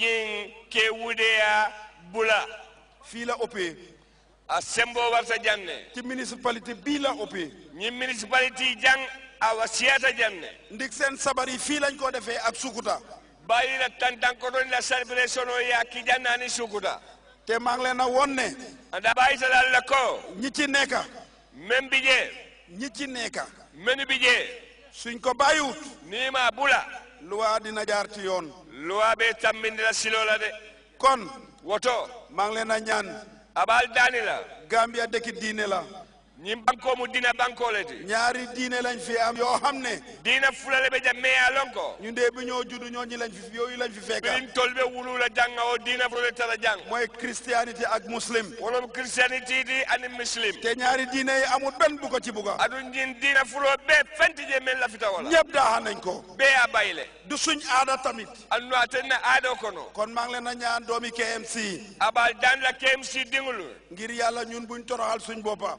jin ke wudeya bula fii la opé a sembo warta janne ti municipalité bii la opé ñi municipalité jang awa siyata janne ndik seen sabari fii lañ ko defee ak sukuta bàyyi la tantankoton la celebration o yaa kijannaani sukuta te maa ngi leen a woon ne anda bàyyi talal la ko ñi ci nekka men bi jee ñi ci nekka men bi jee suñ ko bàyyiwut nii ma bula luwaa dina jaar ci yoon luwa be tambindila siloo la de kon woto maa ngi leen a ñaan abal daani la gambia dëkki diine la ñim banko mu dina banko le ti ñaari diine lañ fi am yoo xam ne diina fulale be ja meya lon ko ñu ndee bi ñoo judd ñoo ñi lañ fi yooyu lañ fi fekka birin tol be wulu la janga o diina fulale tala jang mooy christianité ak muslim wolom christianité di ani muslim te ñaari diine yi amul benn ko ci buga adu ñin diina fuloo bee fenti je men la fita wala ñëpp daaxa nañ ko bee a bayle du suñ aada tamit andu aten na aado kono kon maa ngi leen a ñaan doomi KMC abal daan la KMC dingul ngir yàlla ñun buñ toroxal suñ boppa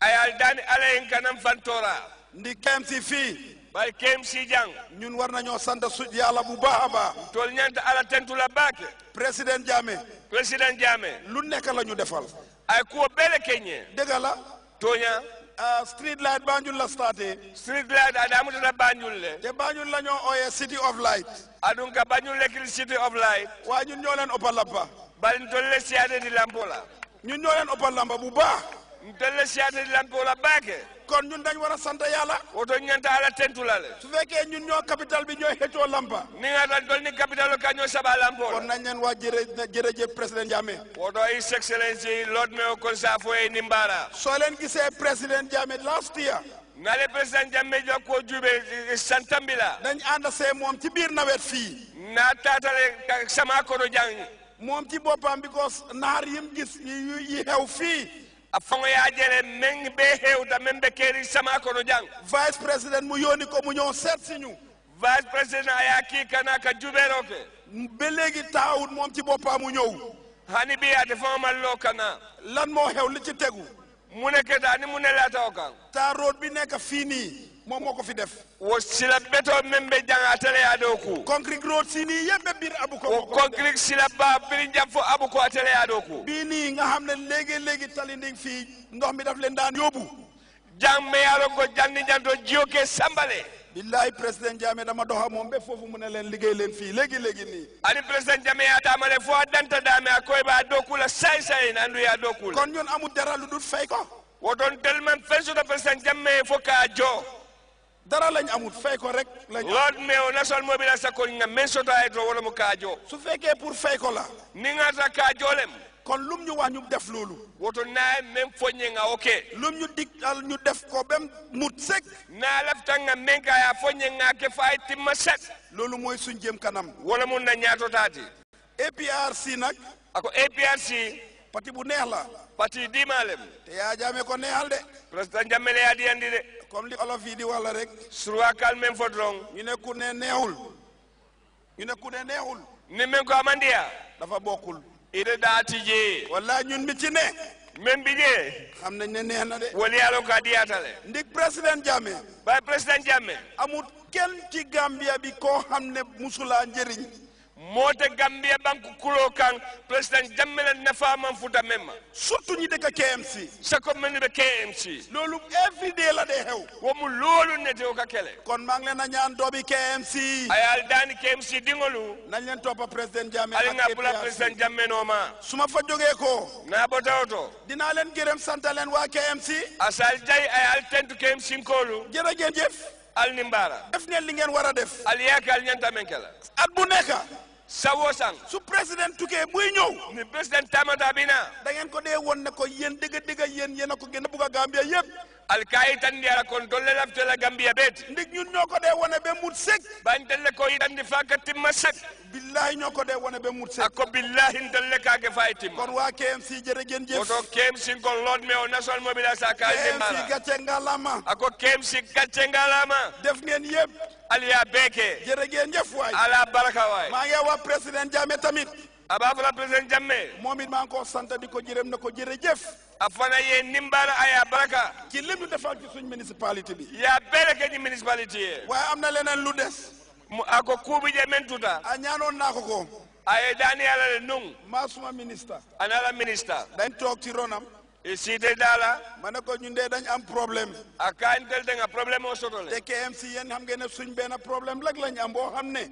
ayal dani alayin kanam fantora ndi KMC fii bay KMC jàng ñun war nañoo sant suñ yàlla bu baax a baax tool ñanta ala tentu la baake président Jammeh président Jammeh lu nekk la ñu defal ay kuwo bele keñe dëgg la tooña street light Banjul la starté street light adamutata Banjul le te Banjul la ñoo ooyee city of light adun ka Banjul lekkil city of light waaye ñun ñoo leen ëppal lamba bari ñu toll le siyaade di lampo la ñun ñoo leen ëppal lamba bu baax ndelle siyaata di lampe baake kon ñun dañ war a sant yàlla woto ñanta ala tentu la le su fekkee ñun ñoo capital bi ñoo xëccoo lampa ni nga tan dol ni ka ñoo saba lampo kon nañ leen waa jërë jërëjëf président Jammeh woto his excellency lord mayor konsa foye ni mbaara soo leen gisee président Jammeh last year ngale président Jammeh jo ko jube santambi la dañ ànd see moom ci biir nawet fii naa taatale sama kodo jàng moom ci boppam because naar yim gis yi xew fii a fongoya jere men be hewda men be keri sama kono jang vice president mu yoni ko mu ñew set si ñu vice president aya ki kana ka jubero ke be legi taawut mom ci bopam mu ñew hani bi ate fama lo kana lan moo xew li ci tegu mu nekk da ni mu ne la taw kan ta road bi nekka fii nii moom moo ko fi def wo sila beto men be jangatale ya dow ku concrete road sini yebbe bir abuko wo concrete sila ba bir fo abuko atale ya dow ku bii nii nga xam ne léegi léegi tali nding fii ndox mi daf leen daan yóbbu jang me yaro ko janni janto jiyo ke sambale billahi président Jammeh dama doxa moom be foofu mu ne leen liggéey leen fii léegi léegi nii ani président Jammeh ya damale fo a danta dame a koy dara lu fay ko wo doon tellement fen soto président Jammeh fo dara lañ amut fay ko rek lañ wat me o national mobilisation ko nga men sota e to wala mo kaajo su fekkee pour fay ko la ni nga ta kaajo lem kon lum ñu wax ñu def loolu woto naa e men foñe nga oke lum ñu digal ñu def ko bem mut sek naa lafta nga men ka ya foñe nga ke fay timma sek loolu mooy suñ jëm kanam wala mun na ñaato taati APRC nag ako APRC parti bu neex la parti diimaa lem te yaa jaame ko neexal de président comme li olof yi di walla rek surwa kalmen fodrong ñu ne ku ne neexul ñu ku ne neexul ni men ko amandiya dafa bokkul ida daati jee walla ñun bi ci ne men bi jee xam nañ ne neex na de wala yàlla ko diyaatale ndik président Jammeh bay président Jammeh amul kenn ci Gambia bi koo xam ne musulaa njëriñ moo mota gambia banku kulo kan president jammela nafa man futa memma surtout ñi dëkk KMC sako men be KMC loolu every de la day xew wo mu loolu ne te ka kele kon maa ngi leen a ñaan doobi KMC ayal daani KMC dingolu nañ leen toppa président jamme ali nga bula président jamme no ma suma fa jógee ko na botawto dinaa leen gërëm sant leen waa KMC asal jay ayal tentu KMC koolu jërëjëf al nimbara def ngeen li ngeen war def al yaakaar ñanta men kala at bu nekk sawo sang su président tukkee muy ñëw ni président tamata bi na da ngeen ko dee woon ne ko yéen dëgg dëgg yéen yéen a ko gën a bugg a Gambia alkaitan ndi ala kontolle laftela gambia beeti ndik ñun ñoo ko de wone be mut sek bantelle ko yitandi fa ka timma sek billahi ñoo ko de wone be mut sek ako billahi ndelle ka ke fay e timma kon waa KMC jërëgen jëf oto KMC ko lord me o national mobilisation ka dimma KMC gàcce ngalama KMC gàcce ngalama def ngeen yëpp aliya beke jërëgen jëf waay ala baraka waay maa ngi waa président Jammeh tamit aba fala président Jammeh moom it maa sant di na ko jërëjëf a fana ye nin baara a y'a baraka ci lim ñu defal ci suñ municipalité bi a bɛɛ la kɛ ci municipalité ye waaye am na leneen lu des mu a ko kuu bi men tuta a ñaanoon naa ko ko a ye daani yàlla le nuŋ maa suma ministre ana la ministre dañ toog ci ronam i e siite daala ma ne ko ñun dee dañ am problème a kaa intel da nga problème o soto le te KMC yéen xam ngeen ne suñ benn problème rek lañ am boo xam ne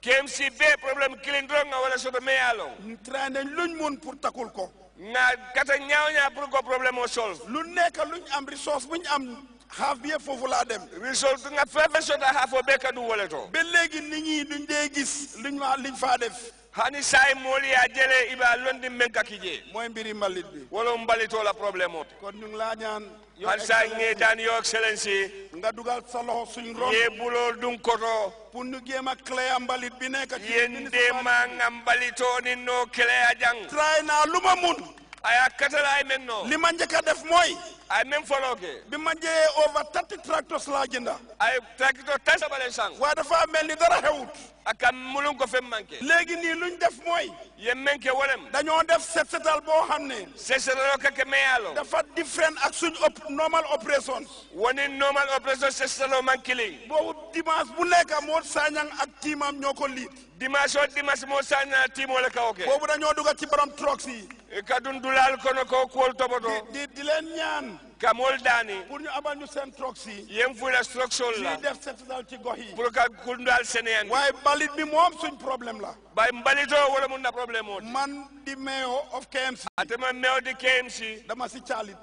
KMC bee problème kilin doro nga wala soto mais yaa loŋ train dañ luñ pour takul ko na kata ñaawñaa pour ko problème o sol lu nekk luñ am ressource buñ am xaaf bi yëpp foofu laa dem ressource nga fefe sota xaafoo beka du wole to ba léegi nit ñi duñ dee gis luñ wa liñ faa def hani say moolu ye a jele i be a londi ka ki jee mooy mbiri mbalit bi wolo mbalitoo la problème o te kon ñu laa ñaan yo excellence nga dugal sa loxo suñ ron ye buloo dun koto pour ñu jéem a cléya mbalit bi nekk ci yen deema nga mbalitoo ni noo cléya jang tray naa lu ma mun a ye katala ye men nɔ li ma njëkk def mooy a ye men fɔlɔ bi ma jee over thirty tractors laa jënda a ye tractor tan saba le san waaye dafa mel ni dara xewut a ka mulun kɔfɛ man kɛ léegi nii luñ def mooy ye men kɛ wolem dañoo def set setal boo xam ne set setal ka kɛ men yaa lɔ dafa different ak suñ op normal operations woni normal operation set setal man kiliŋ boobu dimanche bu nekk moo saañang ak tiimam ñoo ko liit dimanche o dimanche moo saañang ak tiimoo le kawo kɛ boobu dañoo ci borom trox yi E kadun dulal kono ko kuwol toɓoto di di leen ñaan kamol dani pour ñu abal ñu seen trox yi yem fu la struction la def setdal ci gox yi pour ka kundal seneen waaye mbalit bi moom suñ problème la bay mbalito wala mun na problème o man di mayor of KMC atama mayor di KMC dama si caalit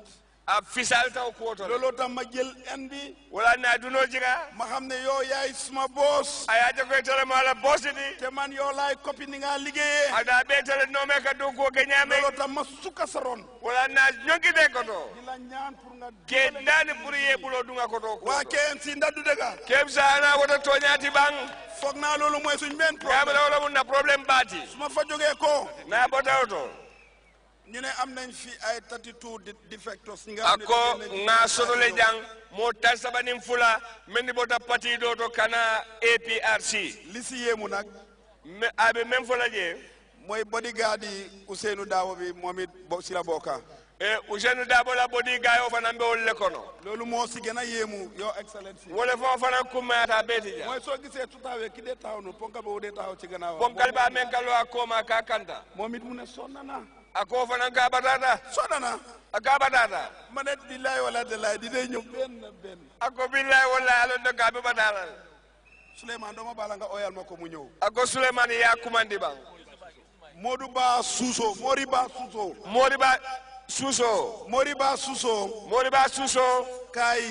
a fisaltaw koto lolo tam ma jël andi wala na duno jiga ma ne yow yaay suma boss aya ta koy tole ma la boss di te man yow laay copie ni nga liggéeyee ada be tele no me ka do ko gañame lolo tam ma suka saron wala na ñongi de koto di la ñaan pour nga ke ndani pour ye koto ko wa ken si ndaddu de ga kem sa na wota toñati bang foog naa loolu mooy suñ benn problème yaa la wala mun na problème baati su ma fa jógee ko naa botaw to ako na sorole jang mo tasabanin fula mendi bota pati do to kana APRC lisi yemu nak me abe ah, men fula je moy bodyguard Ousseynou Dabo bi momit bo sila boka e eh, Ousseynou Dabo la bodyguard o fana be wolle kono lolu mo si gëna yemu yo excellency wole fo fana kuma ta a ja moy so gisé tutawe ki a tawno ponkal bo de taw a gënaaw ponkal ba men kalo akoma ka kanta momit mu ne sonnana ako fana gabatata sodana a gabatata manet billahi wala dalahi dide ñom ben ben ako billahi wala alon do gabe batala suleiman do ma bala nga oyal mako mu ñew ako suleiman ya kumandi ba modu ba suso mori ba suso mori ba suso mori ba suso mori ba suso kai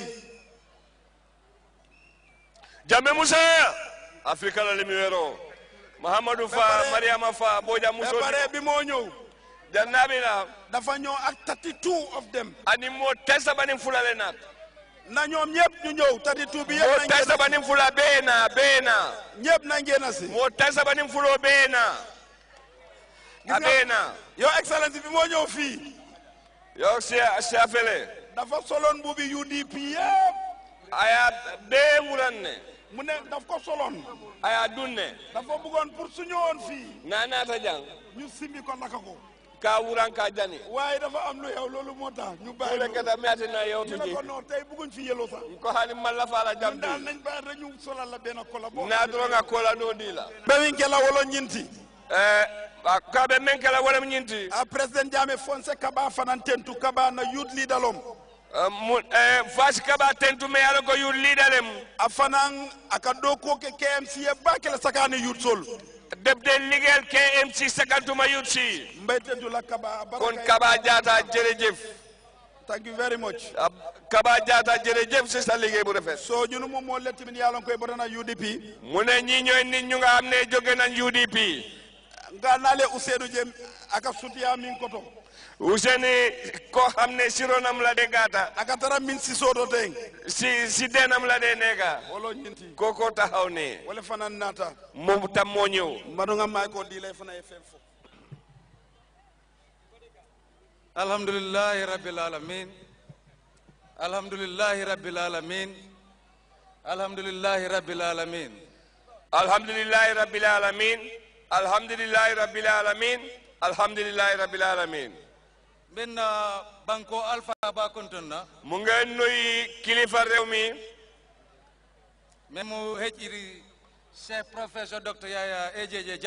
jambe musa afrika la limi wero mahamadou fa mariama fa boja muso bare bi mo ñew jannabina dafa ñëw ak 32 of them ani mo tesa banin fulale nat na ñoom ñëpp ñu ñëw 32 bi yëpp mo tesa banin fula bena bena ñëpp na ngeena si mo tesa banin fulo bena abena yo excellence bi moo ñëw fii yo sia sia fele dafa solon bubi UDP yëpp aya bee ngulan ne mu ne daf ko solon aya dunne dafa bëggoon pour su ñëwoon fii naa naata jàng ñu simbi ko lakako ka a ka jani waaye dafa am lu xew loolu moo tax ñu bàyyi le kata mi atina yow tu ji non tey bëgguñ fi yelo sax ko xali man a faala jam daal nañ bàyyi rek ñu solal la benn kola bo na doro nga kola no di la bewin kala wala ñinti eh ka be men kala wala a ah, president jame fonse kaba fanantentu kaba na youth leader lom eh, eh, fasi kaba tentu me ala ko youth leader lem afanan aka do ko ke KMC ba kala sakane youth sol debden liggéeyal KMC sakantuma youth si kon Kaba Jaata jërëjëf thank you very much Kaba Jaata jërëjëf si sa liggéey bu rafet so ñunu moom moo letti min yàlla koy botana UDP mu ne ñi ñooy nit ñu nga xam ne jóge nañ UDP nga naale Ousseynou Dieng aka sutiya min koto useni ko xam ne sironam la de gata akatara min si soto si si denam la de nega wolo ñinti koko taxaw ne wala fanan nata mo ko di lay fana e fem fo alhamdulillah rabbil alamin alhamdulillah rabbil alamin alhamdulillah rabbil alamin alhamdulillah rabbil alamin benna euh, banko alpha ba kontonna mu nga noyi kilifa réew mi même mu hejiri chef professeur docteur yaya ejeje